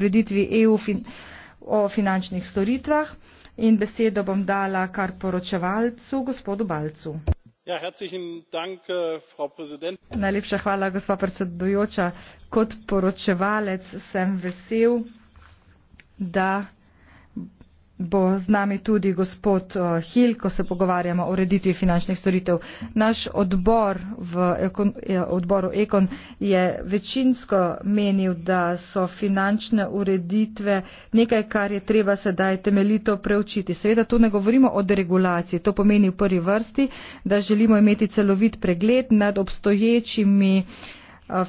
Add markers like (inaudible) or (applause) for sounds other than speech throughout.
ureditvi EU fin o finančnih storitvah. In besedo bom dala kar poročevalcu, gospodu Balcu. Ja, dank, äh, Najlepša hvala, gospod predsedujoča. Kot poročevalec sem vesel, da bo z nami tudi gospod eh, Hill, ko se pogovarjamo o ureditvi finančnih storitev. Naš odbor v eh, odboru Ekon je večinsko menil, da so finančne ureditve nekaj, kar je treba sedaj temeljito preučiti. Seveda tu ne govorimo o deregulaciji, to pomeni v prvi vrsti, da želimo imeti celovit pregled nad obstoječimi Eh,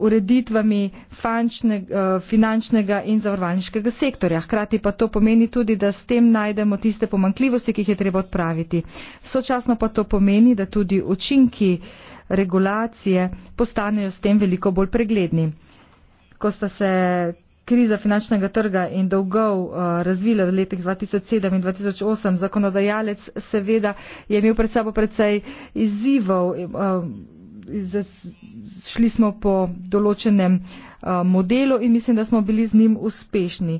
ureditvami fančne, eh, finančnega in zavarvalniškega sektorja. Hkrati pa to pomeni tudi, da s tem najdemo tiste pomankljivosti, ki jih je treba odpraviti. Sočasno pa to pomeni, da tudi učinki regulacije postanejo s tem veliko bolj pregledni. Ko sta se kriza finančnega trga in dolgov eh, razvila v letih 2007 in 2008, zakonodajalec seveda je imel pred sabo precej izzivov šli smo po določenem eh, modelu in mislim, da smo bili z njim uspešni.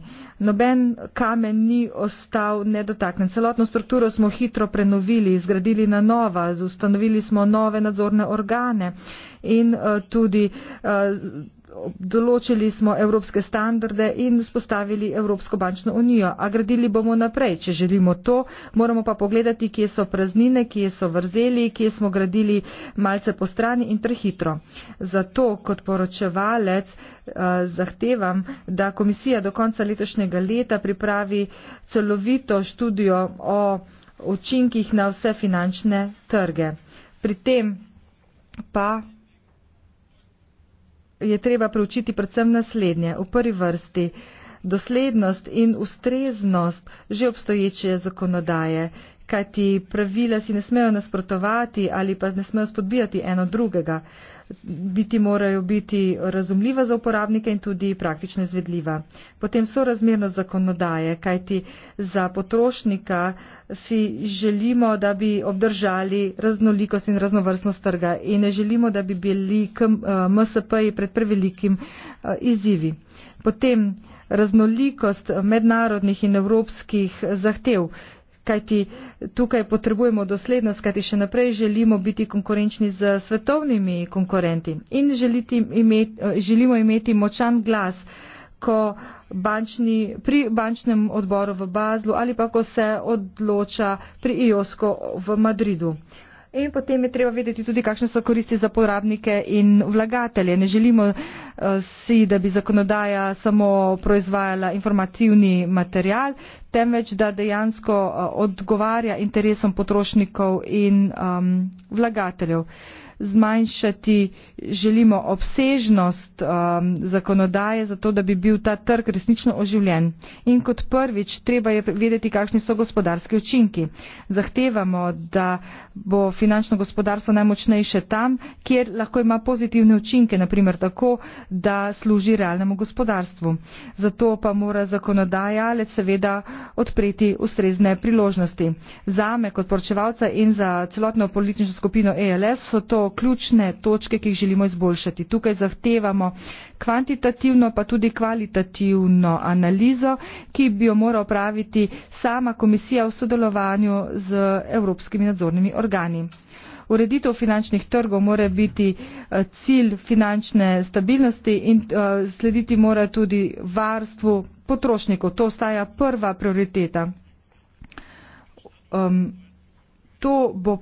Noben kamen ni ostal nedotaknen. Celotno strukturo smo hitro prenovili, zgradili na nova, ustanovili smo nove nadzorne organe in eh, tudi eh, določili smo evropske standarde in vzpostavili Evropsko bančno unijo. A gradili bomo naprej, če želimo to, moramo pa pogledati, kje so praznine, kje so vrzeli, kje smo gradili malce po strani in prehitro. Zato kot poročevalec eh, zahtevam, da komisija do konca letošnjega leta pripravi celovito študijo o učinkih na vse finančne trge. Pri tem pa je treba preučiti predvsem naslednje. V prvi vrsti doslednost in ustreznost že obstoječe zakonodaje, kajti pravila si ne smejo nasprotovati ali pa ne smejo spodbijati eno drugega biti morajo biti razumljiva za uporabnike in tudi praktično izvedljiva. Potem sorazmernost zakonodaje, kajti za potrošnika si želimo, da bi obdržali raznolikost in raznovrstnost trga in ne želimo, da bi bili MSP-ji eh, pred prevelikim eh, izzivi. Potem raznolikost mednarodnih in evropskih zahtev kajti tukaj potrebujemo doslednost, kajti še naprej želimo biti konkurenčni z svetovnimi konkurenti in imeti, eh, želimo imeti močan glas, ko bančni, pri bančnem odboru v Bazlu ali pa ko se odloča pri IOSKO v Madridu. In potem je treba vedeti tudi, kakšne so koristi za porabnike in vlagatelje. Ne želimo eh, si, da bi zakonodaja samo proizvajala informativni material, temveč da dejansko eh, odgovarja interesom potrošnikov in um, vlagateljev. Uh, zmanjšati, želimo obsežnost um, zakonodaje, zato da bi bil ta trg resnično oživljen. In kot prvič, treba je vedeti, kakšni so gospodarski učinki. Zahtevamo, da bo finančno gospodarstvo najmočnejše tam, kjer lahko ima pozitivne učinke, naprimer tako, da služi realnemu gospodarstvu. Zato pa mora zakonodaja le seveda odpreti ustrezne priložnosti. Zame kot poročevalca in za celotno politično skupino ELS so to ključne točke, ki jih želimo izboljšati. Tukaj zahtevamo kvantitativno, pa tudi kvalitativno analizo, ki bi jo mora opraviti sama komisija v sodelovanju z evropskimi nadzornimi organi. Ureditev finančnih trgov mora biti eh, cilj finančne stabilnosti in eh, slediti mora tudi varstvu potrošnikov. To ostaja prva prioriteta. Um, to bo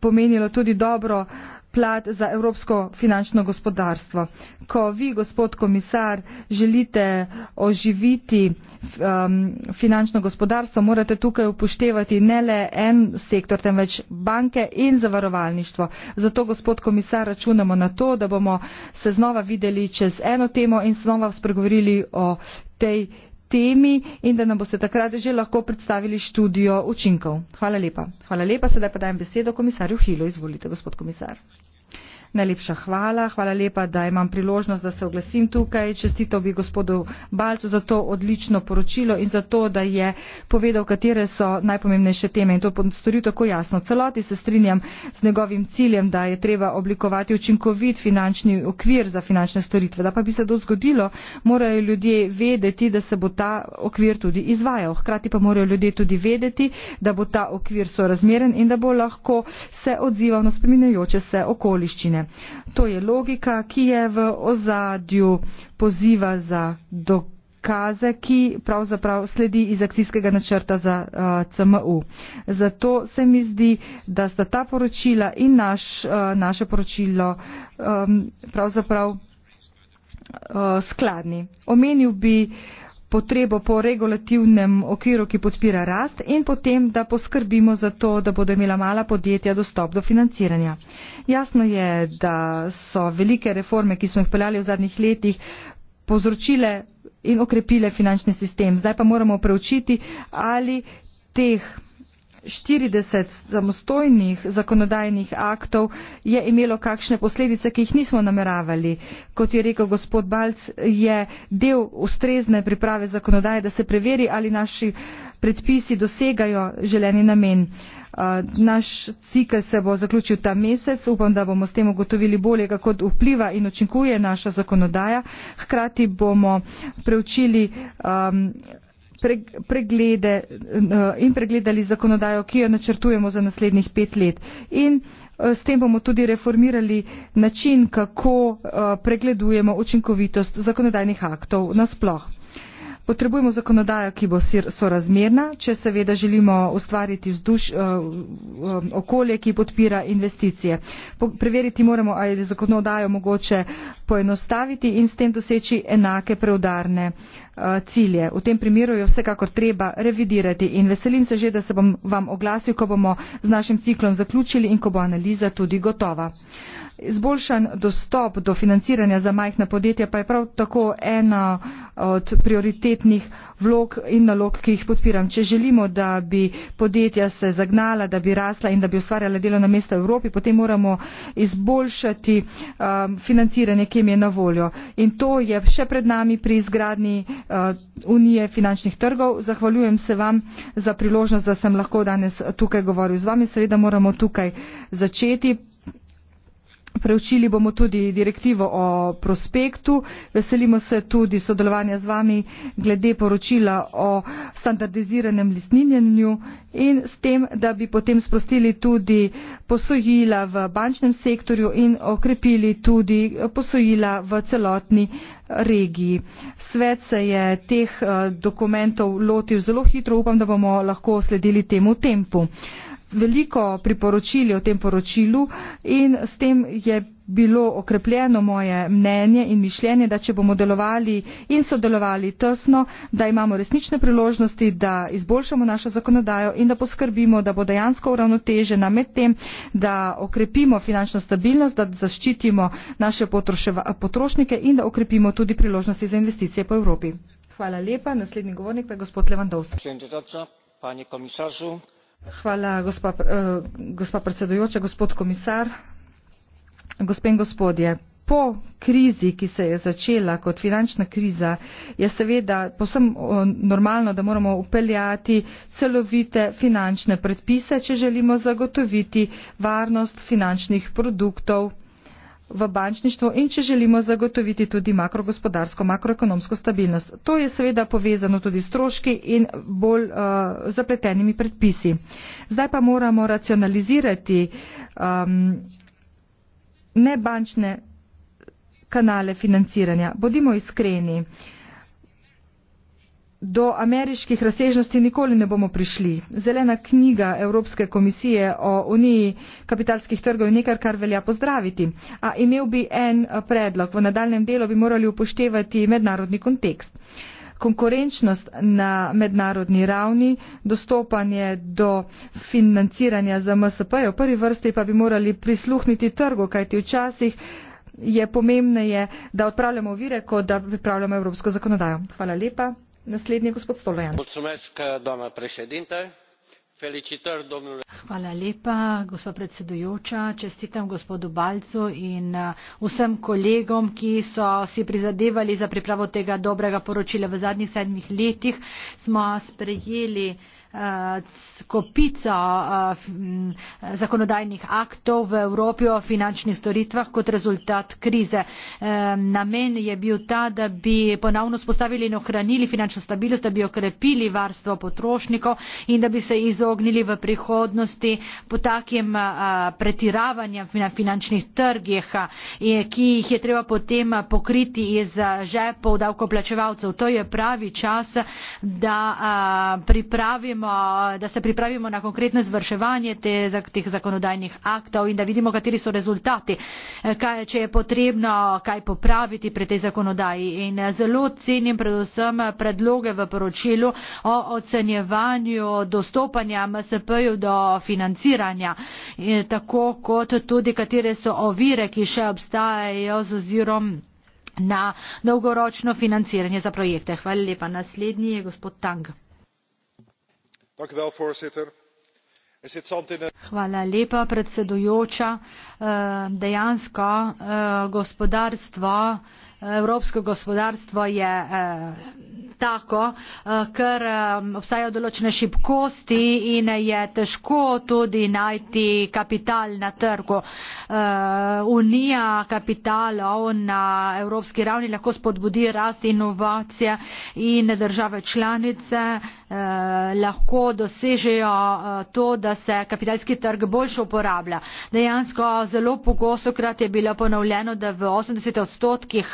pomenilo tudi dobro uh, plat za evropsko finančno gospodarstvo. Ko vi, gospod komisar, želite oživiti um, finančno gospodarstvo, morate tukaj upoštevati ne le en sektor, temveč banke in zavarovalništvo. Zato, gospod komisar, računamo na to, da bomo se znova videli čez eno temo in znova spregovorili o tej temi in da nam boste takrat že lahko predstavili študijo učinkov. Hvala lepa. Hvala lepa, sedaj pa dajem besedo komisarju Hilo. Izvolite, gospod komisar. Najlepša hvala. Hvala lepa, da imam priložnost, da se oglasim tukaj. Čestitev bi gospodu Balcu za to odlično poročilo in za to, da je povedal, katere so najpomembnejše teme in to storil tako jasno. Celoti se strinjam z njegovim ciljem, da je treba oblikovati učinkovit finančni okvir za finančne storitve. Da pa bi se to zgodilo, morajo ljudje vedeti, da se bo ta okvir tudi izvajal. Hkrati pa morajo ljudje tudi vedeti, da bo ta okvir sorazmeren in da bo lahko se odzival na spreminjajoče se okoliščine. To je logika, ki je v ozadju poziva za dokaze, ki pravzaprav sledi iz akcijskega načrta za uh, eh, CMU. Zato se mi zdi, da sta ta poročila in naš, uh, naše poročilo um, pravzaprav uh, skladni. Omenil bi uh, potrebo po regulativnem okviru, ki podpira rast in potem, da poskrbimo za to, da bodo imela mala podjetja dostop do financiranja. Jasno je, da so velike reforme, ki smo jih peljali v zadnjih letih, povzročile in okrepile finančni sistem. Zdaj pa moramo preučiti, ali teh 40 samostojnih zakonodajnih aktov je imelo kakšne posledice, ki jih nismo nameravali. Kot je rekel gospod Balc, je del ustrezne priprave zakonodaje, da se preveri, ali naši predpisi dosegajo želeni namen. Uh, naš cikl se bo zaključil ta mesec. Upam, da bomo s tem ugotovili bolje, kako vpliva in učinkuje naša zakonodaja. Hkrati bomo preučili um, preglede eh, in pregledali zakonodajo, ki jo načrtujemo za naslednjih pet let. In eh, s tem bomo tudi reformirali način, kako eh, pregledujemo učinkovitost zakonodajnih aktov nasploh. Potrebujemo zakonodajo, ki bo sorazmerna, če seveda želimo ustvariti vzduš, eh, eh, okolje, ki podpira investicije. Preveriti moramo, ali je zakonodajo mogoče poenostaviti in s tem doseči enake preudarne eh, cilje. V tem primeru je vsekakor treba revidirati in veselim se že, da se bom vam oglasil, ko bomo z našim ciklom zaključili in ko bo analiza tudi gotova. Izboljšan dostop do financiranja za majhna podjetja pa je prav tako ena od prioritetnih vlog in nalog, ki jih podpiram. Če želimo, da bi podjetja se zagnala, da bi rasla in da bi ustvarjala delovna mesta v Evropi, potem moramo izboljšati um, financiranje, ki jim je na voljo. In to je še pred nami pri izgradnji uh, Unije finančnih trgov. Zahvaljujem se vam za priložnost, da sem lahko danes tukaj govoril z vami. Seveda moramo tukaj začeti preučili bomo tudi direktivo o prospektu. Veselimo se tudi sodelovanja z vami glede poročila o standardiziranem listninjenju in s tem, da bi potem sprostili tudi posojila v bančnem sektorju in okrepili tudi posojila v celotni regiji. Svet se je teh eh, dokumentov lotil zelo hitro, upam, da bomo lahko sledili temu tempu veliko priporočil je v tem poročilu in s tem je bilo okrepljeno moje mnenje in mišljenje, da če bomo delovali in sodelovali tesno, da imamo resnične priložnosti, da izboljšamo našo zakonodajo in da poskrbimo, da bo dejansko uravnotežena med tem, da okrepimo finančno stabilnost, da zaščitimo naše potrošnike in da okrepimo tudi priložnosti za investicije po Evropi. Hvala lepa. Naslednji govornik pa je gospod Levandovski. Hvala, gospa, uh, gospa predsedujoča, gospod komisar, gospe in gospodje. Po krizi, ki se je začela kot finančna kriza, je seveda posem eh, normalno, da moramo upeljati celovite finančne predpise, če želimo zagotoviti varnost finančnih produktov v bančništvo in če želimo zagotoviti tudi makrogospodarsko, makroekonomsko stabilnost. To je seveda povezano tudi s stroški in bolj uh, zapletenimi predpisi. Zdaj pa moramo racionalizirati um, nebančne kanale financiranja. Bodimo iskreni. Uh, Do ameriških razsežnosti nikoli ne bomo prišli. Zelena knjiga Evropske komisije o uniji kapitalskih trgov je nekaj, kar velja pozdraviti. A imel bi en predlog. V nadaljem delu bi morali upoštevati mednarodni kontekst. Konkurenčnost na mednarodni ravni, dostopanje do financiranja za MSP, v prvi vrsti pa bi morali prisluhniti trgu, kajti včasih je pomembneje, da odpravljamo vire, kot da pripravljamo evropsko zakonodajo. Hvala lepa doamnă președintă felicitări domnule. Hvala lepa, gospa predsedujoča. Čestitam gospodu Balcu in uh, vsem kolegom, ki so si prizadevali za pripravo tega dobrega poročila. V zadnjih sedmih letih smo sprejeli kopico zakonodajnih aktov v Evropi o finančnih storitvah kot rezultat krize. E, namen je bil ta, da bi ponovno spostavili in ohranili finančno stabilnost, da bi okrepili varstvo potrošnikov in da bi se izognili v prihodnosti po takim pretiravanjem na finančnih trgih, ki jih je treba potem pokriti iz žepov davkoplačevalcev. To je pravi čas, da pripravimo pripravimo, da se pripravimo na konkretno izvrševanje te, teh zakonodajnih aktov in da vidimo, kateri so rezultati, eh, kaj, če je potrebno kaj popraviti pri tej zakonodaji. In eh, zelo cenim predvsem predloge v poročilu o ocenjevanju dostopanja MSP-ju do financiranja, in eh, tako kot tudi katere so ovire, ki še obstajajo z ozirom na dolgoročno financiranje za projekte. Hvala lepa. Naslednji je gospod Tang. Er Hvala lepa, predsedujoča. Eh, Dejansko eh, gospodarstvo evropsko gospodarstvo je eh, tako, eh, ker eh, obstajajo določene šibkosti in je težko tudi najti kapital na trgu. Unija kapitalov na evropski ravni lahko spodbudi rast inovacije in države članice lahko dosežejo to, da se kapitalski trg boljše uporablja. Dejansko zelo pogosto krat je bilo ponovljeno, da v 80 odstotkih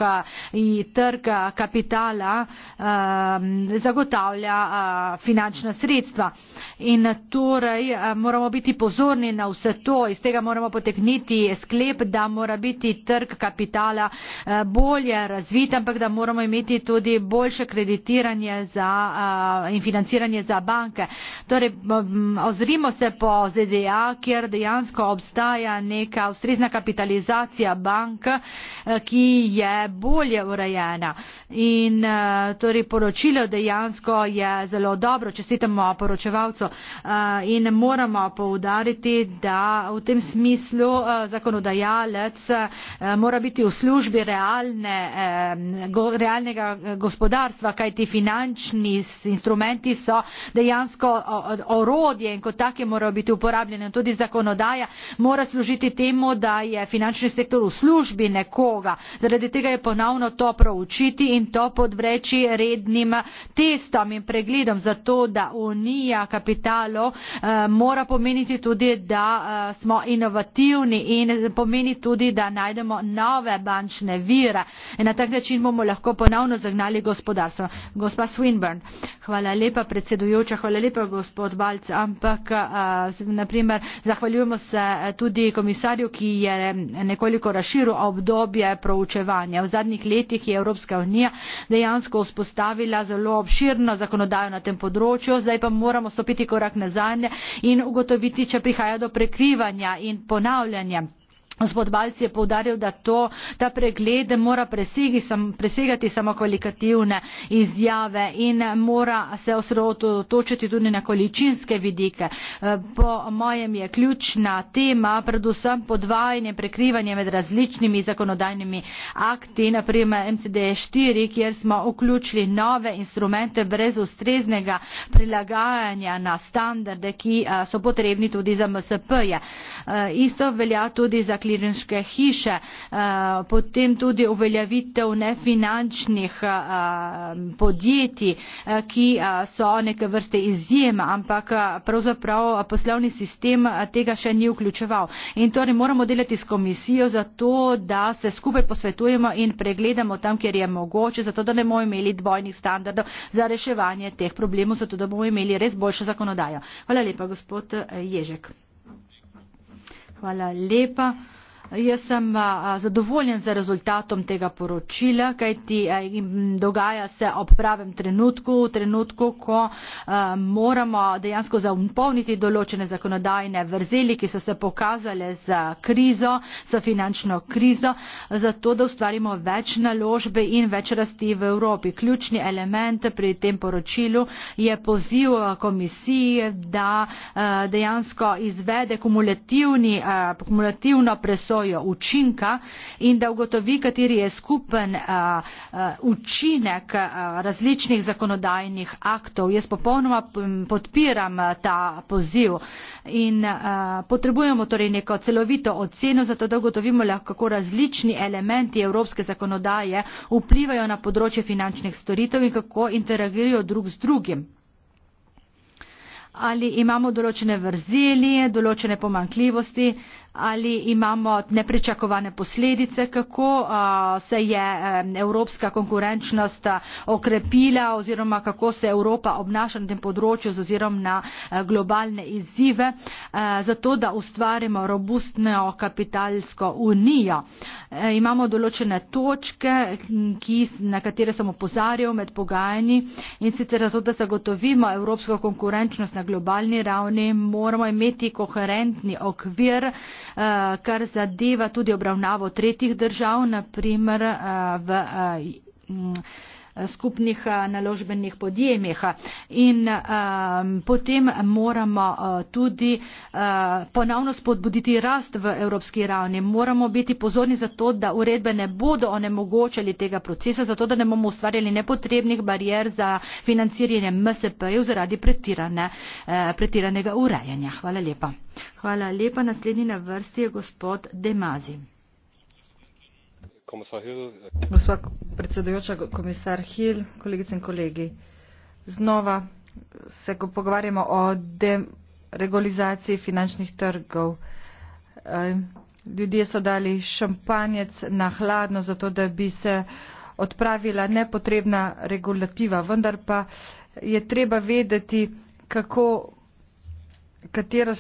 in trg eh, kapitala eh, zagotavlja eh, finančna sredstva. In torej moramo biti pozorni na vse to, iz tega moramo potekniti sklep, da mora biti trg kapitala bolje razvit, ampak da moramo imeti tudi boljše kreditiranje za, in financiranje za banke. Torej, ozrimo se po ZDA, kjer dejansko obstaja neka ustrezna kapitalizacija bank, ki je bolje urejena in eh, torej poročilo dejansko je zelo dobro, čestitamo poročevalcu eh, in moramo poudariti, da v tem smislu eh, zakonodajalec mora biti v službi realne, realnega gospodarstva, kajti finančni instrumenti so dejansko orodje in kot take morajo biti uporabljene. Tudi zakonodaja mora služiti temu, da je finančni sektor v službi nekoga. Zaradi tega je ponovno to proučiti in to podvreči rednim testom in pregledom, zato da unija kapitalov eh, mora pomeniti tudi, da eh, smo inovativni in pomeni tudi, da najdemo nove bančne vire. In na tak način bomo lahko ponovno zagnali gospodarstvo. Gospa Swinburne, hvala lepa predsedujoča, hvala lepa gospod Balc, ampak eh, naprimer zahvaljujemo se tudi komisarju, ki je nekoliko razširil obdobje proučevanja. V zadnjih letih je Evropska unija dejansko vzpostavila zelo obširno zakonodajo na tem področju, zdaj pa moramo stopiti korak nazaj in ugotoviti, če prihaja do prekrivanja in ponavljanja gospod balc je poudaril da to, ta pregled mora presegi, sam, presegati samokvalikativne izjave in mora se osredotočiti tudi na količinske vidike. Po mojem je ključna tema predvsem podvajanje, prekrivanje med različnimi zakonodajnimi akti, naprimer MCD4, kjer smo vključili nove instrumente brez ustreznega prilagajanja na standarde, ki so potrebni tudi za MSP-je. Isto velja tudi za klimatske klirinške hiše, eh, potem tudi uveljavitev nefinančnih eh, podjetij, eh, ki so neke vrste izjema, ampak pravzaprav poslovni sistem tega še ni vključeval. In torej moramo delati s komisijo za to, da se skupaj posvetujemo in pregledamo tam, kjer je mogoče, zato da ne bomo imeli dvojnih standardov za reševanje teh problemov, zato da bomo imeli res boljšo zakonodajo. Hvala lepa, gospod Ježek. Hvala lepa. Jaz sem zadovoljen z rezultatom tega poročila, kajti dogaja se ob pravem trenutku, v trenutku, ko moramo dejansko zaumpolniti določene zakonodajne vrzeli, ki so se pokazale z krizo, z finančno krizo, zato da ustvarimo več naložbe in več rasti v Evropi. Ključni element pri tem poročilu je poziv komisiji, da dejansko izvede kumulativno presojo presojo učinka in da ugotovi, kateri je skupen učinek različnih zakonodajnih aktov. Jaz popolnoma podpiram ta poziv in potrebujemo torej neko celovito oceno, zato da ugotovimo lahko, kako različni elementi evropske zakonodaje vplivajo na področje finančnih storitev in kako interagirajo drug z drugim. Ali imamo določene vrzeli, določene pomankljivosti, ali imamo nepričakovane posledice, kako se je evropska konkurenčnost okrepila oziroma kako se Evropa obnaša na tem področju z ozirom na globalne izzive, zato da ustvarimo robustno kapitalsko unijo. E, imamo določene točke, na katere sem opozarjal med pogajanji in sicer zato, da zagotovimo evropsko konkurenčnost na globalni ravni, moramo imeti koherentni okvir, Eh, kar zadeva tudi obravnavo tretjih držav, naprimer eh, v eh, Eh, skupnih eh, naložbenih podjemih. In um, potem moramo uh, tudi uh, ponovno spodbuditi rast v evropski ravni. Moramo biti pozorni za to, da uredbe ne bodo onemogočali tega procesa, zato da ne bomo ustvarjali nepotrebnih barijer za financiranje MSP-jev zaradi pretirane, uh, pretiranega urejanja. Hvala lepa. Hvala lepa. Naslednji na vrsti je gospod Demazi. Eh, Gospa predsedujoča, komisar Hill, kolegice in kolegi. Znova se pogovarjamo o deregulizaciji finančnih trgov. Ljudje so dali šampanjec na hladno, zato da bi se odpravila nepotrebna regulativa. Vendar pa je treba vedeti, kako katero,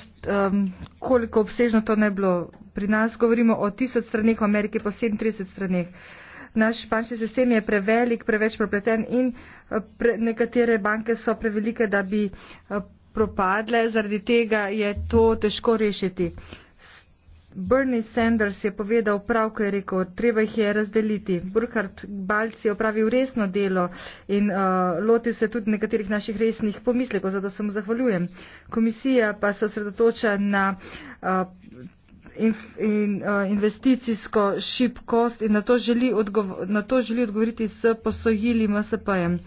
um, koliko obsežno to ne bilo. Pri nas govorimo o tisoč straneh, v Ameriki pa 37 straneh. Naš bančni sistem je prevelik, preveč propleten in eh, pre, nekatere banke so prevelike, da bi eh, propadle, zaradi tega je to težko rešiti. Bernie Sanders je povedal prav, ko je rekel, treba jih je razdeliti. Burkhard Balc je opravil resno delo in uh, lotil se tudi nekaterih naših resnih pomislekov, zato se mu zahvaljujem. Komisija pa se osredotoča na uh, in, in, uh, investicijsko šipkost in na to želi, odgovor, na to želi odgovoriti s posojili MSP-jem.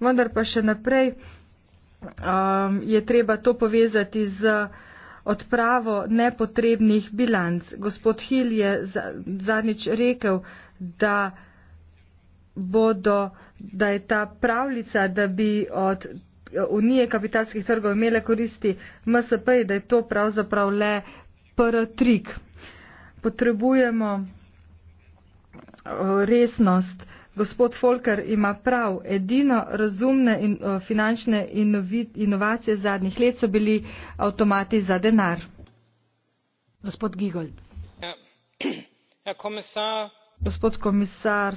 Vendar pa še naprej um, je treba to povezati z. Uh, odpravo nepotrebnih bilanc. Gospod Hil je zadnjič rekel, da, bodo, da je ta pravljica, da bi od Unije kapitalskih trgov imele koristi MSP, da je to pravzaprav le pr trik. Potrebujemo resnost gospod Folker ima prav. Edino razumne in, uh, finančne inovacije zadnjih let so bili avtomati za denar. Gospod Gigol. Ja, (clears throat) ja, komisar. Gospod komisar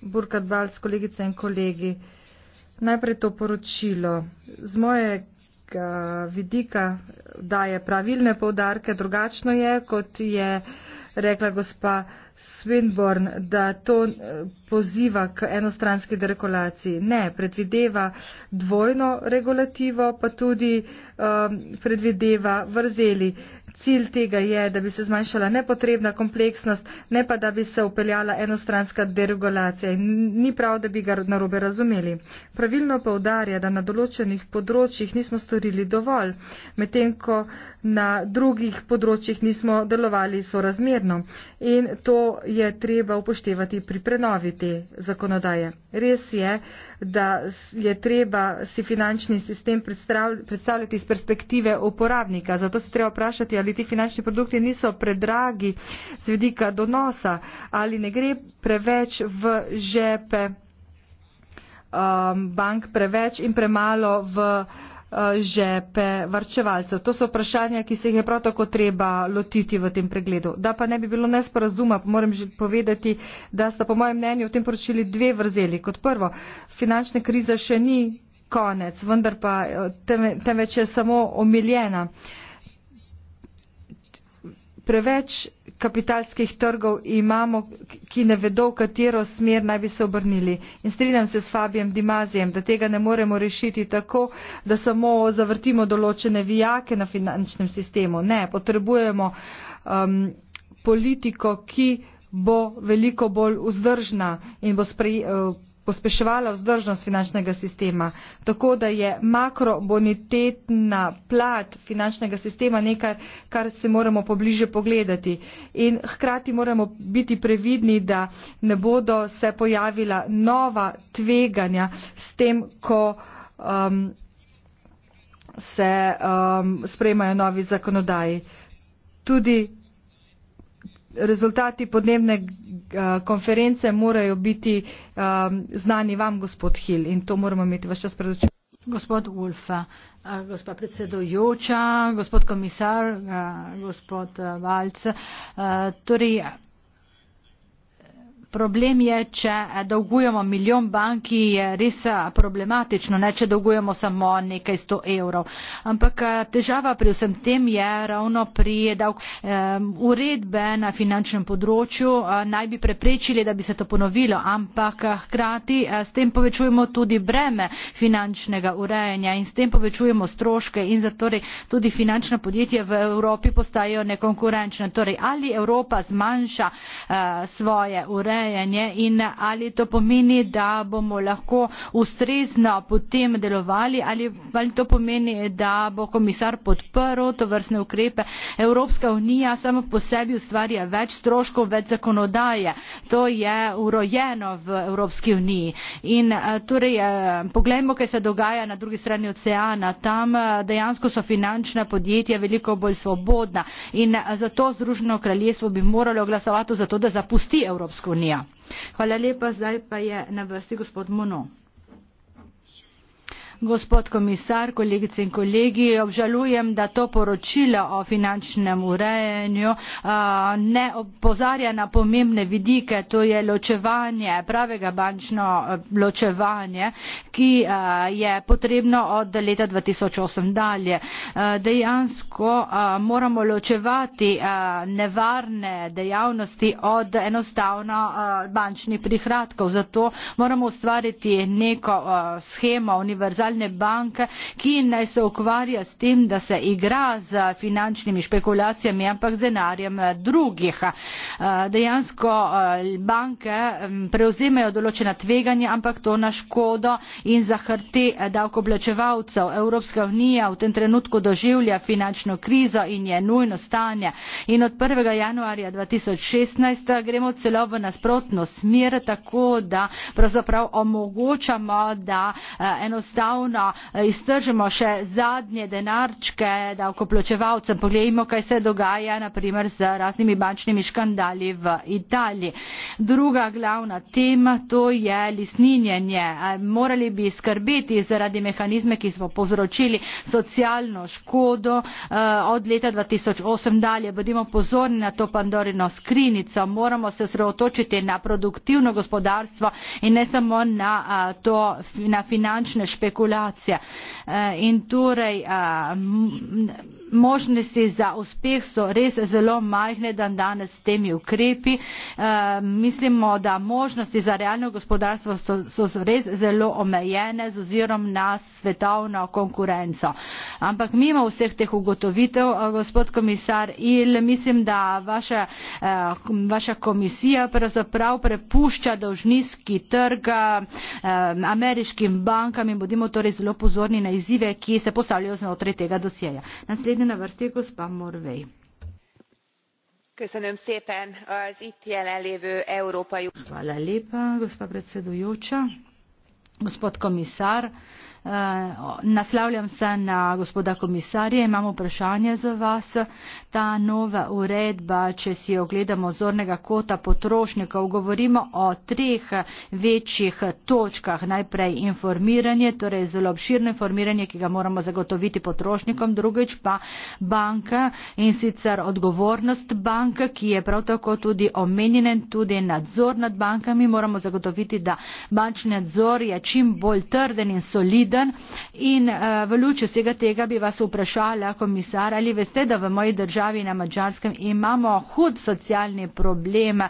Burkhard Balc, kolegice in kolegi, najprej to poročilo. Z mojega vidika daje pravilne povdarke, drugačno je, kot je uh, rekla gospa Swinborn, da to eh, poziva k enostranski deregulaciji. Ne, predvideva dvojno regulativo, pa tudi um, predvideva vrzeli. Uh, Cilj tega je, da bi se zmanjšala nepotrebna kompleksnost, ne pa da bi se upeljala enostranska deregulacija. In ni prav, da bi ga narobe razumeli. Pravilno pa udarja, da na določenih področjih nismo storili dovolj, medtem ko na drugih področjih nismo delovali sorazmerno. In to je treba upoštevati pri prenovi te zakonodaje. Res je, da je treba si finančni sistem predstavljati iz perspektive uporabnika. Zato se treba vprašati, ali bi ti finančni produkti niso predragi z vidika donosa ali ne gre preveč v žepe um, bank preveč in premalo v uh, žepe varčevalcev. To so vprašanja, ki se jih je prav tako treba lotiti v tem pregledu. Da pa ne bi bilo nesporazuma, moram že povedati, da sta po mojem mnenju v tem poročili dve vrzeli. Kot prvo, finančna kriza še ni konec, vendar pa uh, temveč je samo omiljena. Uh, preveč kapitalskih trgov imamo, ki ne vedo, v katero smer naj bi se obrnili. In strinjam se s Fabijem Dimazijem, da tega ne moremo rešiti tako, da samo zavrtimo določene vijake na finančnem sistemu. Ne, potrebujemo um, politiko, ki bo veliko bolj vzdržna in bo sprejela. Uh, pospeševala vzdržnost finančnega sistema, tako da je makrobonitetna plat finančnega sistema nekaj, kar se moramo pobliže pogledati. In hkrati moramo biti previdni, da ne bodo se pojavila nova tveganja s tem, ko um, se um, sprejmajo novi zakonodaji. Tudi rezultati podnebne eh, konference morajo biti eh, znani vam, gospod Hill, in to moramo imeti vaš čas pred očmi. Gospod Ulfa, eh, gospod predsedujoča, gospod komisar, gospod Valc. Torej, Problem je, če dolgujemo milijon banki, je res eh, problematično, ne če dolgujemo samo nekaj sto evrov. Ampak eh, težava pri vsem tem je ravno pri davku. Uredbe na finančnem področju eh, naj bi preprečili, da bi se to ponovilo, ampak hkrati s tem povečujemo tudi breme finančnega urejanja in s tem povečujemo stroške in zato torej tudi finančna podjetja v Evropi postajajo nekonkurenčna. Torej, ali Evropa zmanjša svoje urejanje? urejanje in ali to pomeni da bomo lahko ustrezno potem delovali ali to pomeni da bo komisar podprl tovrstne ukrepe evropska unija sama po sebi ustvarja več stroškov več zakonodaje to je urojeno v evropski uniji in eh, torej eh, poglejmo kaj se dogaja na drugi strani oceana tam eh, dejansko so finančna podjetja veliko bolj svobodna in zato združeno kraljestvo bi moralo glasovati za to da zapusti evropsko unijo hvala lepa zdaj pa je na vrsti gospod monot gospod komisar kolegice in kolegi obžalujem da to poročilo o finančnem urejanju ne opozarja na pomembne vidike to je ločevanje pravega bančno ločevanje ki je potrebno od leta dva tisoč osem dalje dejansko moramo ločevati nevarne dejavnosti od enostavno bančnih prihrankov zato moramo ustvariti neko shemo univerzalnega centralne banke ki naj se ukvarja s tem da se igra z finančnimi špekulacijami ampak z denarjem eh, drugih eh, dejansko eh, banke mm, prevzemajo določena tveganja ampak to na škodo in za hrti davkoplačevalcev evropska unija v tem trenutku doživlja finančno krizo in je nujno stanje in od 1. januarja 2016 gremo celo v nasprotno smer tako da pravzaprav omogočamo da enostavno ponovno eh, iztržimo še zadnje denarčke davkoplačevalcem. Poglejmo, kaj se dogaja naprimer z raznimi bančnimi škandali v Italiji. Druga glavna tema to je lisninjenje. Eh, morali bi skrbeti zaradi mehanizme, ki smo povzročili socialno škodo eh, od leta 2008 dalje. Bodimo pozorni na to pandorino skrinico. Moramo se osredotočiti na produktivno gospodarstvo in ne samo na, to, na finančne špekulacije spekulacije. Eh, in torej možnosti za uspeh so res zelo majhne dan danes s temi ukrepi. Eh, mislimo, da možnosti za realno gospodarstvo so, so res zelo omejene z ozirom na svetovno konkurenco. Ampak mimo vseh teh ugotovitev, eh, gospod komisar Il, mislim, da vaša, vaša komisija pravzaprav prepušča dolžninski trg ameriškim bankam in bodimo torej zelo pozorni na izgled izzive, ki se postavljajo znotraj tega dosjeja. Naslednja na vrsti je gospa Morvej. Köszönöm szépen az itt jelenlévő európai... Hvala lepa, gospa predsedujoča, gospod komisár. Eh, naslavljam se na gospoda komisarja, imam vprašanje za vas. Ta nova uredba, če si jo gledamo zornega kota potrošnikov, govorimo o treh večjih točkah. Najprej informiranje, torej zelo obširno informiranje, ki ga moramo zagotoviti potrošnikom, drugič pa banka in sicer odgovornost banka, ki je prav tako tudi omenjena, tudi nadzor nad bankami. Moramo zagotoviti, da bančni nadzor je čim bolj trden in soliden soliden in uh, v luči vsega tega bi vas vprašala, komisar, ali veste, da v moji državi na Mačarskem imamo hud socialni problem uh,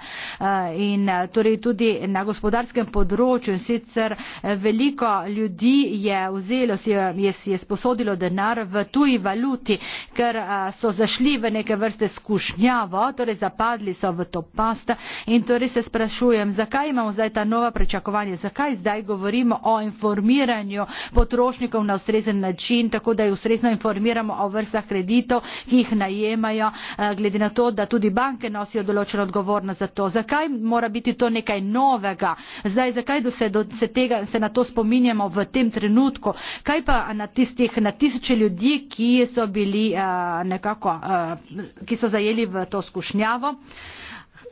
in uh, torej tudi na gospodarskem področju in sicer uh, veliko ljudi je vzelo, si je, je sposodilo denar v tuji valuti, ker uh, so zašli v neke vrste skušnjavo, torej zapadli so v to pasta in torej se sprašujem, zakaj imamo zdaj ta nova prečakovanja, zakaj zdaj govorimo o informiranju potrošnikov na ustrezen način, tako da jih ustrezno informiramo o vrstah kreditov, ki jih najemajo, eh, glede na to, da tudi banke nosijo določeno odgovornost za to. Zakaj mora biti to nekaj novega? Zdaj, zakaj do se, do se, tega, se na to spominjamo v tem trenutku? Kaj pa na tistih na tisoče ljudi, ki so, bili, uh, nekako, uh, ki so zajeli v to skušnjavo?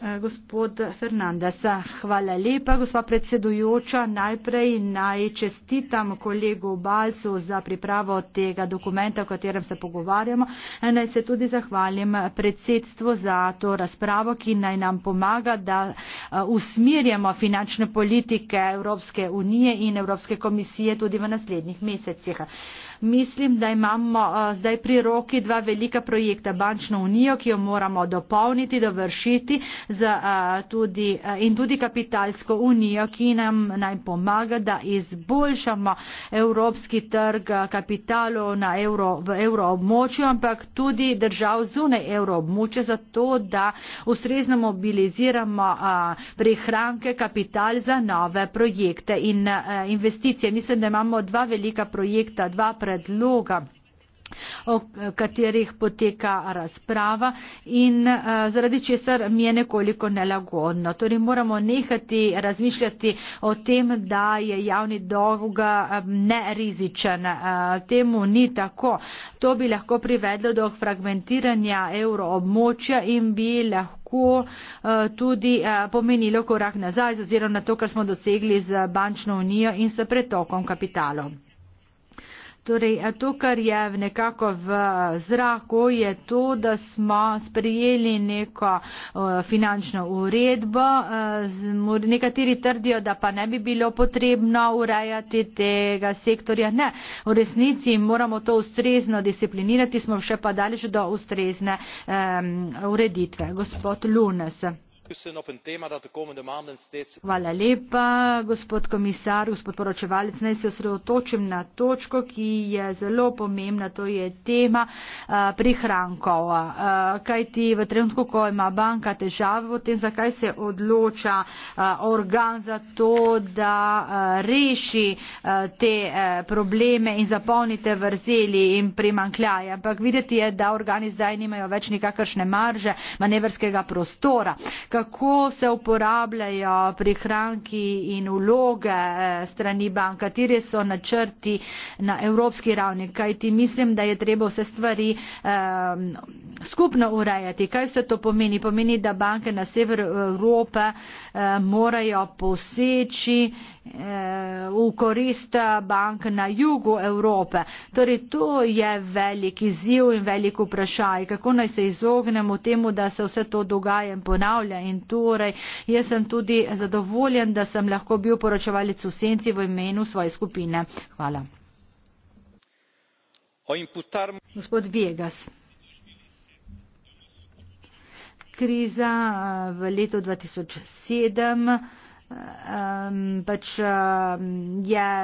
Eh, gospod Fernandez, hvala lepa, gospa predsedujoča. Najprej naj čestitam kolegu Balcu za pripravo tega dokumenta, o katerem se pogovarjamo. Eh, naj se tudi zahvalim predsedstvu za to razpravo, ki naj nam pomaga, da eh, usmirjamo finančne politike Evropske unije in Evropske komisije tudi v naslednjih mesecih. Mislim, da imamo eh, zdaj pri roki dva velika projekta, bančno unijo, ki jo moramo dopolniti, dovršiti za, eh, tudi, eh, in tudi kapitalsko unijo, ki nam naj pomaga, da izboljšamo evropski trg kapitalov euro, v evroobmočju, ampak tudi držav zunaj evroobmočja, zato da ustrezno mobiliziramo prihranke kapital za nove projekte in investicije. Mislim, da imamo dva velika projekta, dva projekta, predloga o katerih poteka razprava in eh, zaradi česar mi je nekoliko nelagodno. Torej moramo nehati razmišljati o tem, da je javni dolg eh, nerizičen. Eh, temu ni tako. To bi lahko privedlo do fragmentiranja euroobmočja in bi lahko tudi pomenilo korak nazaj oziroma na to, kar smo dosegli z bančno unijo in s pretokom kapitalov. Torej, to, kar je nekako v zraku, je to, da smo sprejeli neko finančno uredbo. E, nekateri trdijo, da pa ne bi bilo potrebno urejati tega sektorja. Ne, v resnici moramo to ustrezno disciplinirati, smo še pa daleč do ustrezne ureditve. Gospod Lunes focussen op een thema dat de komende maanden steeds. Hvala lepa, gospod komisar, gospod poročevalec, naj se osredotočim na točko, ki je zelo pomembna, to je tema uh, prihrankov. Uh, eh, kaj ti v trenutku, ko ima banka težave v tem, zakaj se odloča uh, organ za to, da uh, reši uh, te uh, probleme in zapolnite vrzeli in primankljaje. Ampak videti je, da organi zdaj nimajo več nikakršne marže manevrskega prostora. Kako kako se uporabljajo prihranki in uloge eh, strani bank, kateri so načrti na evropski ravni, kajti mislim, da je treba vse stvari um, skupno urejati. Kaj vse to pomeni? Pomeni, da banke na sever Evrope uh, morajo poseči v korist eh, bank na jugu Evrope. Torej, to je velik izziv in velik vprašaj, kako naj se izognemo temu, da se vse to dogaja in ponavlja. In torej, jaz sem tudi zadovoljen, da sem lahko bil poročevalec v senci v imenu svoje skupine. Hvala. Gospod Viegas. Kriza eh, v letu 2007 pač je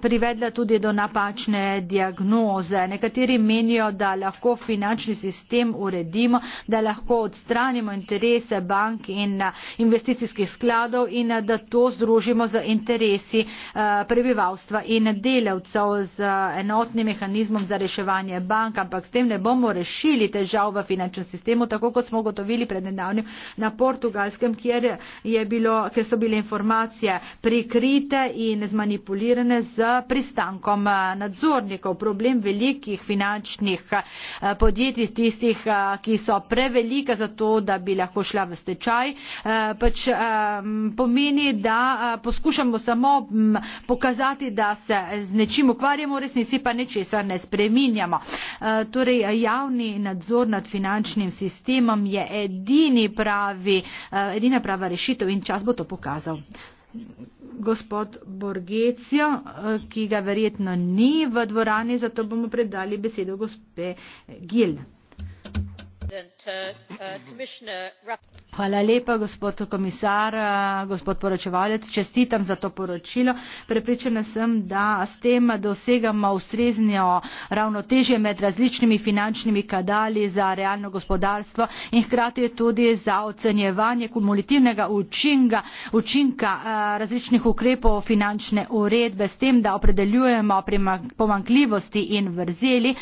privedla tudi do napačne diagnoze. Nekateri menijo, da lahko finančni sistem uredimo, da lahko odstranimo interese bank in eh, investicijskih skladov in eh, da to združimo z interesi eh, prebivalstva in delavcev z enotnim mehanizmom za reševanje bank, ampak s tem ne bomo rešili težav v finančnem sistemu, tako kot smo gotovili pred nedavnim na portugalskem, kjer je bilo, kjer so bile informacije prikrite in zmanipulirane z pristankom eh, nadzornikov. Problem velikih finančnih eh, podjetij, tistih, eh, ki so prevelika za to, da bi lahko šla v stečaj, pač pomeni, da poskušamo samo pokazati, da se z nečim ukvarjamo, v resnici pa nečesa ne spreminjamo. Torej, javni nadzor nad finančnim sistemom je edini pravi, edina prava rešitev in čas bo to pokazal pokazal. Gospod Borgecijo, eh, ki ga verjetno ni v dvorani, zato bomo predali besedo gospe Gil. Den. Uh, uh, hvala lepa gospod komisar uh, gospod poročevalec čestitam za to poročilo prepričana sem da s tem dosegamo ustrezno ravnotežje med različnimi finančnimi kadali za realno gospodarstvo in hkrati tudi za ocenjevanje kumulativnega učinka, učinka različnih ukrepov finančne uredbe s tem da opredeljujemo pomankljivosti in vrzeli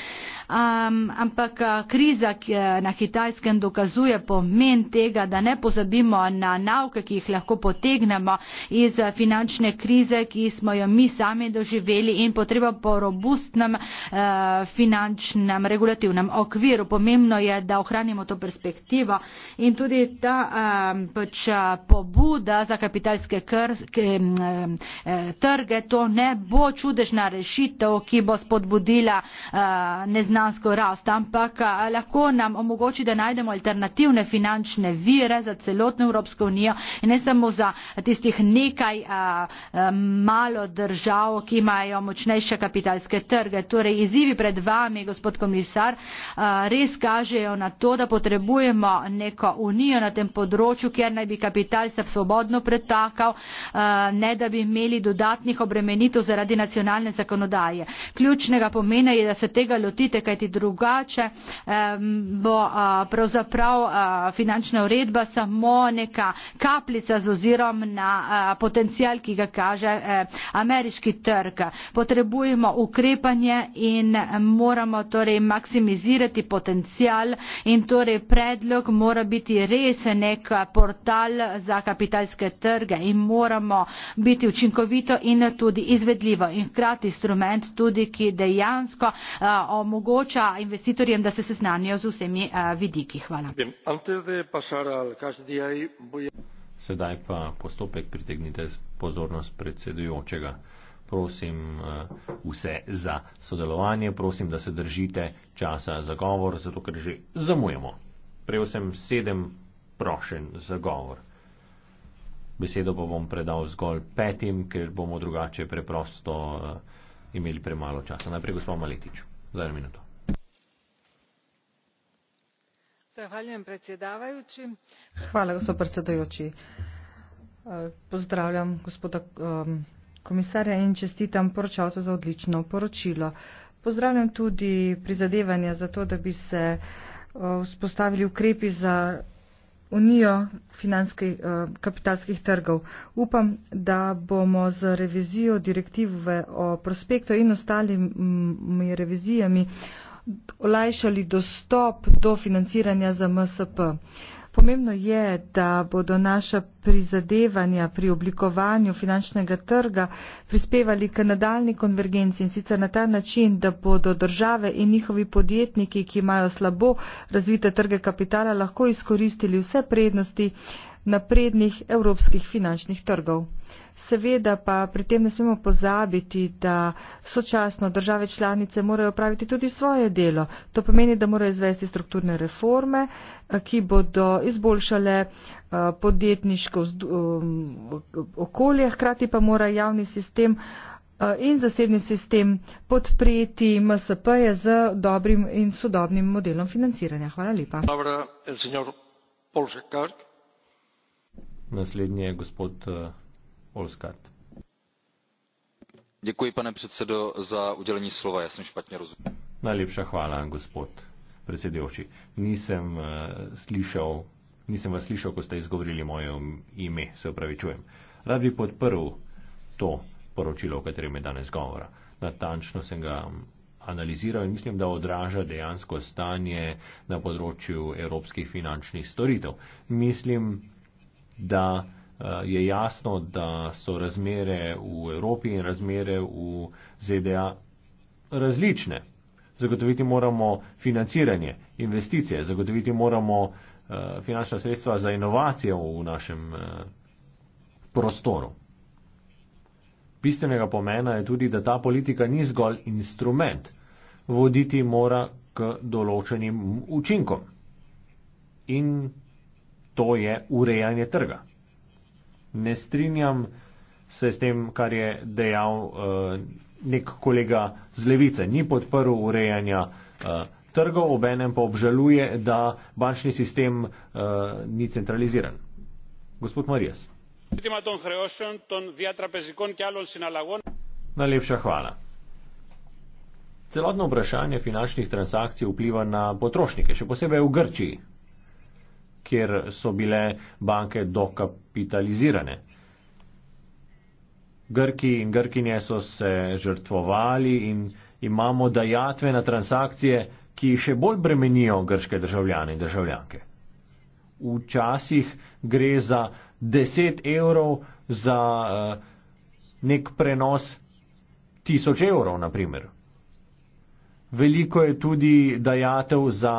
um, ampak kriza na kitajskem kitajskem dokazuje pomen tega, da ne pozabimo na nauke, ki jih lahko potegnemo iz finančne krize, ki smo jo mi sami doživeli in potreba po robustnem eh, finančnem regulativnem okviru. Pomembno je, da ohranimo to perspektivo in tudi ta eh, pač eh, pobuda za kapitalske kr, k, eh, trge, to ne bo čudežna rešitev, ki bo spodbudila eh, neznansko rast, ampak eh, lahko nam omogoči, da najdemo alternativne finančne vire za celotno Evropsko unijo in ne samo za tistih nekaj a, a, malo držav, ki imajo močnejše kapitalske trge. Torej, izzivi pred vami, gospod komisar, a, res kažejo na to, da potrebujemo neko unijo na tem področju, kjer naj bi kapital se svobodno pretakal, a, ne da bi imeli dodatnih obremenitev zaradi nacionalne zakonodaje. Ključnega pomena je, da se tega lotite, kajti drugače a, bo. A, pravzaprav finančna uredba samo neka kapljica z ozirom na potencial, ki ga kaže ameriški trg. Potrebujemo ukrepanje in moramo torej maksimizirati potencial in torej predlog mora biti res nek portal za kapitalske trge in moramo biti učinkovito in tudi izvedljivo in hkrati instrument tudi, ki dejansko omogoča investitorjem, da se seznanijo z vsemi vidimi vidiki. sedaj pa postopek pritegnite pozornost predsedujočega. prosim eh, vse za sodelovanje, prosim, da se držite časa za govor, zato ker že zamujamo. prejel sem sedem prošen za govor. besedo pa bom predal zgolj petim, ker bomo drugače preprosto eh, imeli premalo časa. najprej gospod Maletič, za eno minuto. Eh, pozdravljam gospoda komisarja in čestitam poročalcu za odlično poročilo. Pozdravljam tudi prizadevanja za to, da bi se eh, vzpostavili ukrepi za unijo finanskih eh, kapitalskih trgov. Upam, da bomo z revizijo direktive o prospektu in ostalimi revizijami olajšali dostop do financiranja za MSP. Pomembno je, da bodo naša prizadevanja pri oblikovanju finančnega trga prispevali k nadaljni konvergenci in sicer na ta način, da bodo države in njihovi podjetniki, ki imajo slabo razvite trge kapitala, lahko izkoristili vse prednosti naprednih evropskih finančnih trgov. Seveda pa pri tem ne smemo pozabiti, da sočasno države članice morajo praviti tudi svoje delo. To pomeni, da morajo izvesti strukturne reforme, eh, ki bodo izboljšale eh, podjetniško eh, okolje, hkrati pa mora javni sistem in zasebni sistem podpreti MSP-je z dobrim in sodobnim modelom financiranja. Hvala lepa. Dobro, Naslednji je gospod uh, pane predsedujoči nisem eh, slišal nisem vas slišal ko ste izgovorili moje ime se opravičujem rad bi podprl to poročilo o katerem je danes govora natančno sem ga analiziral in mislim, da odraža dejansko stanje na področju evropskih finančnih storitev. Mislim, da Eh, je jasno, da so razmere v Evropi in razmere v ZDA različne. Zagotoviti moramo financiranje, investicije, zagotoviti moramo eh, finančna sredstva za inovacije v našem eh, prostoru. Bistvenega pomena je tudi, da ta politika ni zgolj instrument, voditi mora k določenim učinkom. In to je urejanje trga ne strinjam se s tem, kar je dejal uh, nek kolega z levice. Ni podprl urejanja uh, trgov, obenem pa obžaluje, da bančni sistem uh, ni centraliziran. Gospod Marijas. Najlepša hvala. Celotno vprašanje finančnih transakcij vpliva na potrošnike, še posebej v Grčiji kjer so bile banke dokapitalizirane. Grki in grkinje so se žrtvovali in imamo dajatve na transakcije, ki še bolj bremenijo grške državljane in državljanke. Včasih gre za 10 evrov za eh, nek prenos 1000 evrov, naprimer. Veliko je tudi dajatev za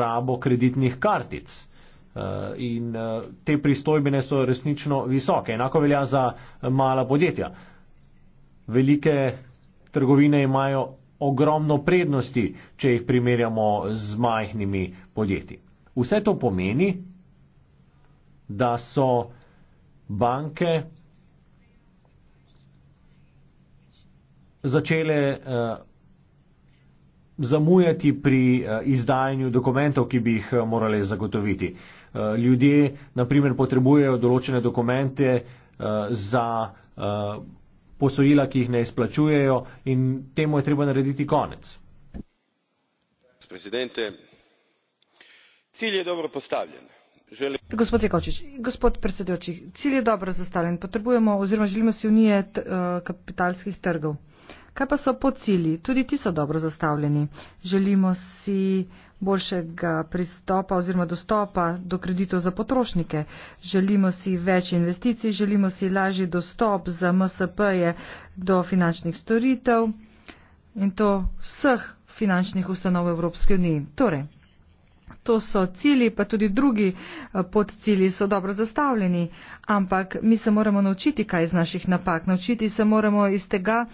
rabo kreditnih kartic. Eh, in eh, te pristojbine so resnično visoke. Enako velja za mala podjetja. Velike trgovine imajo ogromno prednosti, če jih primerjamo z majhnimi podjetji. Vse to pomeni, da so banke začele eh, zamujati pri izdajanju dokumentov, ki bi jih morali zagotoviti. Eh, ljudje naprimer potrebujejo določene dokumente eh, za eh, posojila, ki jih ne izplačujejo in temu je treba narediti konec. Cilj je dobro postavljen. Želim... Gospod Jakočič, gospod predsedujoči, cilj je dobro zastavljen. Potrebujemo oziroma želimo si unije kapitalskih trgov. Kaj pa so po cilji? Tudi ti so dobro zastavljeni. Želimo si boljšega pristopa oziroma dostopa do kreditov za potrošnike. Želimo si več investicij, želimo si lažji dostop za MSP-je do finančnih storitev in to vseh finančnih ustanov Evropske unije. Torej, to so cilji, pa tudi drugi eh, podcilji so dobro zastavljeni, ampak mi se moramo naučiti, kaj iz naših napak. Naučiti se moramo iz tega,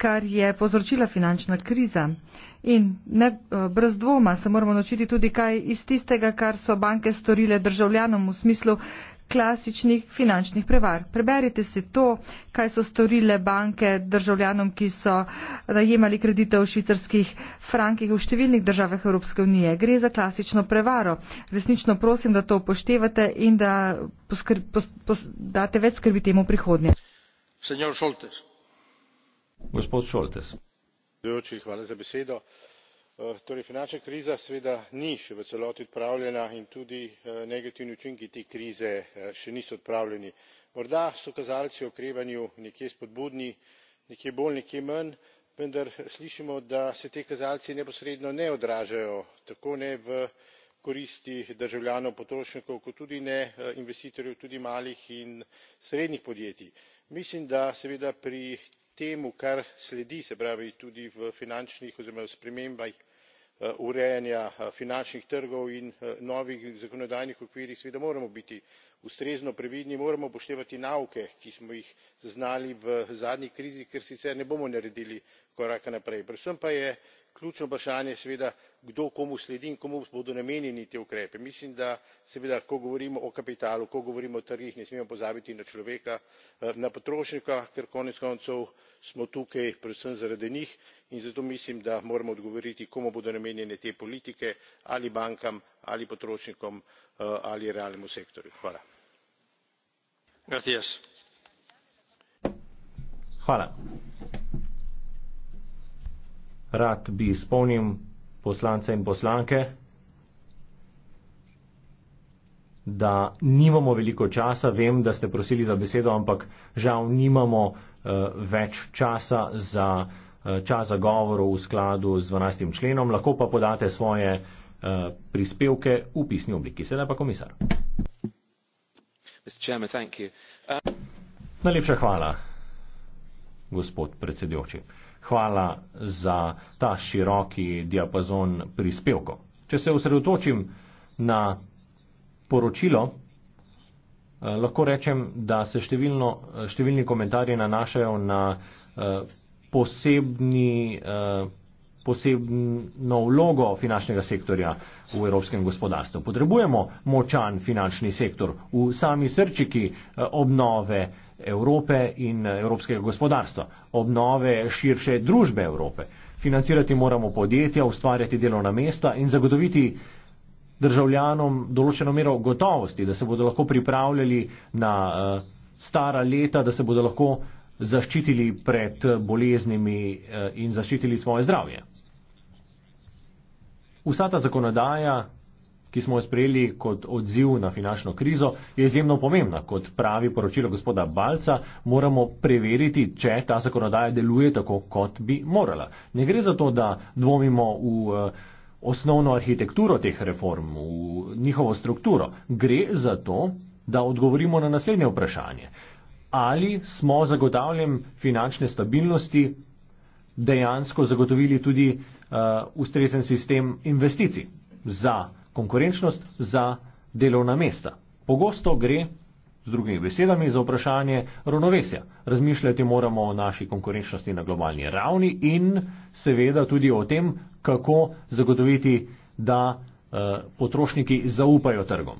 kar je povzročila finančna kriza. In ne, eh, brez dvoma se moramo naučiti tudi kaj iz tistega, kar so banke storile državljanom v smislu klasičnih finančnih prevar. Preberite si to, kaj so storile banke državljanom, ki so najemali kredite v švicarskih frankih v številnih državah Evropske unije. Gre za klasično prevaro. Resnično prosim, da to upoštevate in da poskrbi, pos, pos, date več skrbi temu prihodnje. Senjor Šoltes. Eh, torej finančna kriza seveda ni še v celoti odpravljena in tudi eh, negativni učinki te krize eh, še niso odpravljeni. morda so kazalci okrevanju nekje spodbudni nekje bolj nekje manj vendar slišimo da se ti kazalci neposredno ne odražajo tako ne v koristi državljanov potrošnikov kot tudi ne investitorjev tudi malih in srednjih podjetij. mislim da seveda pri teh kazalcih ne bi smeli pričakovati temu kar sledi se pravi tudi v finančnih oziroma spremembah eh, urejanja eh, finančnih trgov in eh, novih zakonodajnih okvirih seveda moramo biti ustrezno previdni moramo upoštevati nauke ki smo jih zaznali v zadnji krizi ker sicer ne bomo naredili koraka naprej ključno vprašanje seveda kdo komu sledi in komu bodo namenjeni ti ukrepi. mislim da seveda ko govorimo o kapitalu ko govorimo o trgih ne smemo pozabiti na človeka eh, na potrošnika ker konec koncev smo tukaj predvsem zaradi njih in zato mislim da moramo odgovoriti komu bodo namenjene te politike ali bankam ali potrošnikom eh, ali realnemu sektorju rad bi spomnil poslance in poslanke, da nimamo veliko časa. Vem, da ste prosili za besedo, ampak žal nimamo uh, več časa za uh, čas za govor v skladu z 12. členom. Lahko pa podate svoje uh, prispevke v pisni obliki. Sedaj pa komisar. Najlepša hvala, gospod predsedujoči. Hvala za ta široki diapazon prispevkov. Če se osredotočim na poročilo, eh, lahko rečem, da se številno, eh, številni komentarji nanašajo na eh, posebni posebno vlogo finančnega sektorja v evropskem gospodarstvu. Potrebujemo močan finančni sektor v sami srčiki eh, obnove Evrope in eh, evropskega gospodarstva, obnove širše družbe Evrope. Financirati moramo podjetja, ustvarjati delovna mesta in zagotoviti državljanom določeno mero gotovosti, da se bodo lahko pripravljali na eh, stara leta, da se bodo lahko zaščitili pred boleznimi in zaščitili svoje zdravje. Vsa ta zakonodaja, ki smo jo sprejeli kot odziv na finančno krizo, je izjemno pomembna. Kot pravi poročilo gospoda Balca, moramo preveriti, če ta zakonodaja deluje tako, kot bi morala. Ne gre za to, da dvomimo v eh, osnovno arhitekturo teh reform, v njihovo strukturo. Gre za to, da odgovorimo na naslednje vprašanje. Ali smo zagotavljanjem finančne stabilnosti dejansko zagotovili tudi uh, ustrezen sistem investicij za konkurenčnost, za delovna mesta. Pogosto gre, z drugimi besedami, za vprašanje ravnovesja. Razmišljati moramo o naši konkurenčnosti na globalni ravni in seveda tudi o tem, kako zagotoviti, da uh, potrošniki zaupajo trgom.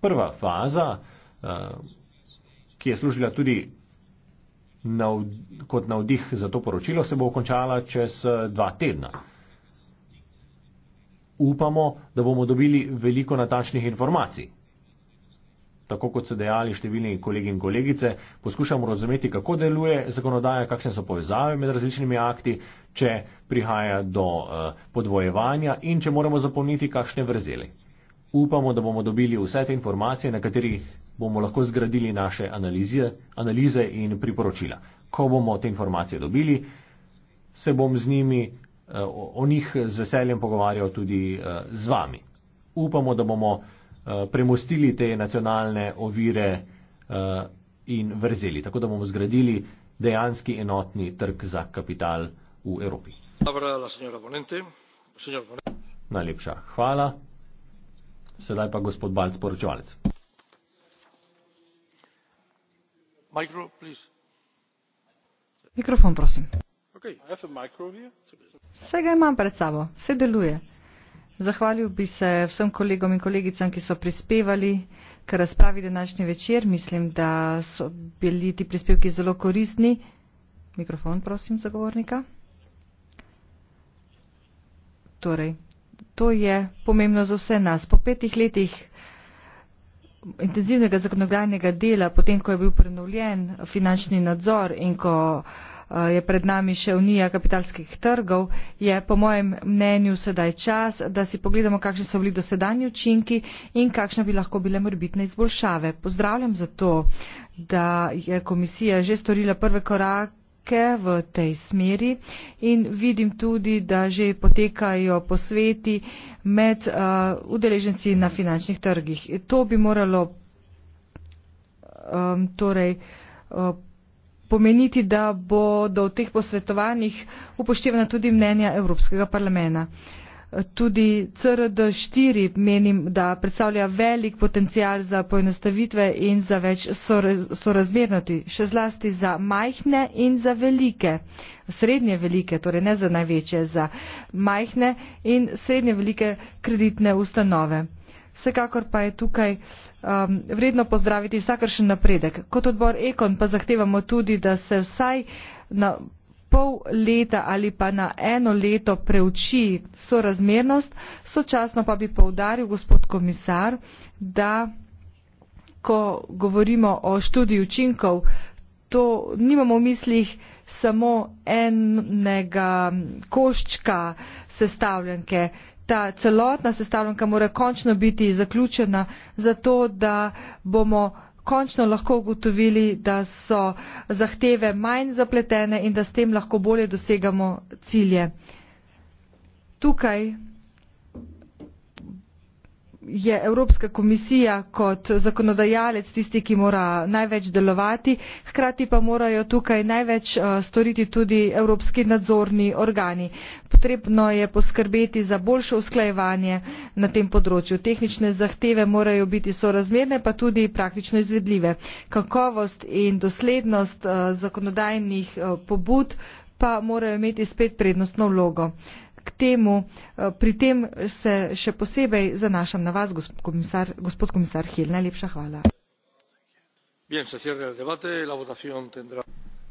Prva faza, uh, ki je služila tudi navd kot navdih za to poročilo, se bo končala čez eh, dva tedna. Upamo, da bomo dobili veliko natačnih informacij. Tako kot so dejali številni kolegi in kolegice, poskušamo razumeti, kako deluje zakonodaja, kakšne so povezave med različnimi akti, če prihaja do eh, podvojevanja in če moramo zapolniti kakšne vrzeli. Upamo, da bomo dobili vse te informacije, na katerih bomo lahko zgradili naše analize, analize in priporočila. Ko bomo te informacije dobili, se bom z njimi, eh, o njih z veseljem pogovarjal tudi eh, z vami. Upamo, da bomo eh, premustili te nacionalne ovire in vrzeli, tako da bomo zgradili dejanski enotni trg za kapital v Evropi. Dobrodala, senjora Bonente. Senjora Bonente. Najlepša hvala. Sedaj pa gospod Balc, poročevalec. zahvalil bi se vsem kolegom in kolegicam ki so prispevali k razpravi današnji večer mislim da so bili ti prispevki zelo koristni mikrofon prosim zagovornika torej to je pomembno za vse nas po petih letih intenzivnega zakonodajnega dela, potem ko je bil prenovljen finančni nadzor in ko eh, je pred nami še unija kapitalskih trgov, je po mojem mnenju sedaj čas, da si pogledamo, kakšni so bili dosedanji učinki in kakšne bi lahko bile morbitne izboljšave. Pozdravljam zato, da je komisija že storila prve korake korake v tej smeri in vidim tudi, da že potekajo posveti med uh, udeleženci na finančnih trgih. To bi moralo um, torej, uh, pomeniti, da bo do teh posvetovanjih upoštevana tudi mnenja Evropskega parlamenta. Uh, tudi CRD štiri menim, da predstavlja velik potencial za poenostavitve in za več sorazmernosti, še zlasti za majhne in za velike, srednje velike, torej ne za največje, za majhne in srednje velike kreditne ustanove. Vsekakor pa je tukaj um, vredno pozdraviti vsakršen napredek. Kot odbor Ekon pa zahtevamo tudi, da se vsaj na pol leta ali pa na eno leto preuči sorazmernost sočasno pa bi poudaril gospod komisar da ko govorimo o študiji učinkov to nimamo v mislih samo enega koščka sestavljanke ta celotna sestavljanka mora končno biti zaključena zato da bomo končno lahko ugotovili, da so zahteve manj zapletene in da s tem lahko bolje dosegamo cilje. Tukaj je evropska komisija kot zakonodajalec tisti ki mora največ delovati hkrati pa morajo tukaj največ eh, storiti tudi evropski nadzorni organi potrebno je poskrbeti za boljše usklajevanje na tem področju tehnične zahteve morajo biti sorazmerne pa tudi praktično izvedljive kakovost in doslednost eh, zakonodajnih eh, pobud pa morajo imeti spet prednostno vlogo k temu. Eh, pri tem se še posebej zanašam na vas, komisar, gospod komisar Hill. Najlepša hvala.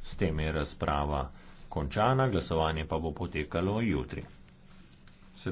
S tem je razprava končana, glasovanje pa bo potekalo jutri.